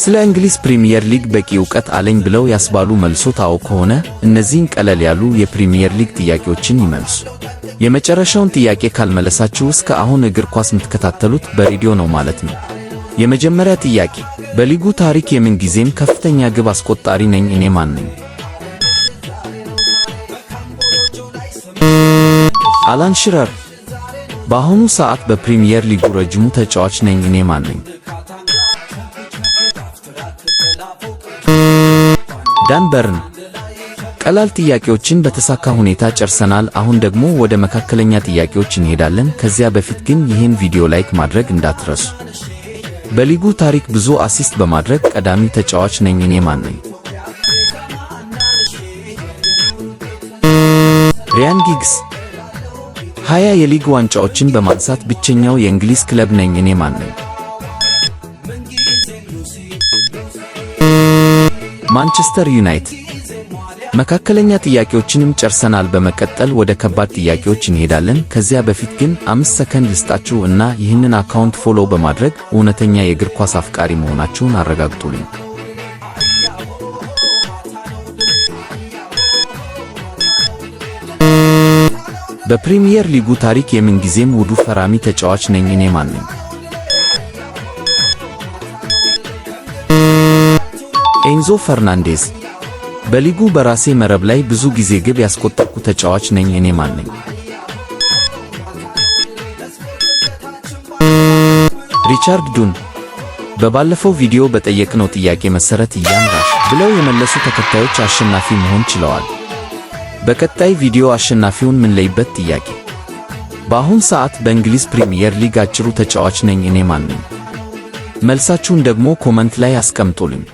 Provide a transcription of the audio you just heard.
ስለ እንግሊዝ ፕሪሚየር ሊግ በቂ እውቀት አለኝ ብለው ያስባሉ? መልሶ አዎ ከሆነ እነዚህን ቀለል ያሉ የፕሪሚየር ሊግ ጥያቄዎችን ይመልሱ። የመጨረሻውን ጥያቄ ካልመለሳችሁ እስከ አሁን እግር ኳስ የምትከታተሉት በሬዲዮ ነው ማለት ነው። የመጀመሪያ ጥያቄ፣ በሊጉ ታሪክ የምን ጊዜም ከፍተኛ ግብ አስቆጣሪ ነኝ እኔ ማን ነኝ? አላን ሽረር። በአሁኑ ሰዓት በፕሪሚየር ሊጉ ረጅሙ ተጫዋች ነኝ እኔ ማን ነኝ? የማዳን በርን ቀላል ጥያቄዎችን በተሳካ ሁኔታ ጨርሰናል። አሁን ደግሞ ወደ መካከለኛ ጥያቄዎች እንሄዳለን። ከዚያ በፊት ግን ይህን ቪዲዮ ላይክ ማድረግ እንዳትረሱ። በሊጉ ታሪክ ብዙ አሲስት በማድረግ ቀዳሚ ተጫዋች ነኝ። እኔ ማን ነኝ? ሪያን ጊግስ። ሀያ የሊግ ዋንጫዎችን በማንሳት ብቸኛው የእንግሊዝ ክለብ ነኝ። እኔ ማን ነኝ? ማንቸስተር ዩናይትድ መካከለኛ ጥያቄዎችንም ጨርሰናል። በመቀጠል ወደ ከባድ ጥያቄዎች እንሄዳለን። ከዚያ በፊት ግን አምስት ሰከንድ ልስጣችሁ እና ይህንን አካውንት ፎሎ በማድረግ እውነተኛ የእግር ኳስ አፍቃሪ መሆናችሁን አረጋግጡልኝ። በፕሪሚየር ሊጉ ታሪክ የምንጊዜም ውዱ ፈራሚ ተጫዋች ነኝ። እኔ ማን ነኝ? ኤንዞ ፈርናንዴዝ በሊጉ በራሴ መረብ ላይ ብዙ ጊዜ ግብ ያስቆጠርኩ ተጫዋች ነኝ። እኔ ማን ነኝ? ሪቻርድ ዱን በባለፈው ቪዲዮ በጠየቅነው ጥያቄ መሰረት እያንዳሽ ብለው የመለሱ ተከታዮች አሸናፊ መሆን ችለዋል። በቀጣይ ቪዲዮ አሸናፊውን ምንለይበት ጥያቄ በአሁን ሰዓት በእንግሊዝ ፕሪምየር ሊግ አጭሩ ተጫዋች ነኝ እኔ ማን ነኝ? መልሳችሁን ደግሞ ኮመንት ላይ አስቀምጡልኝ።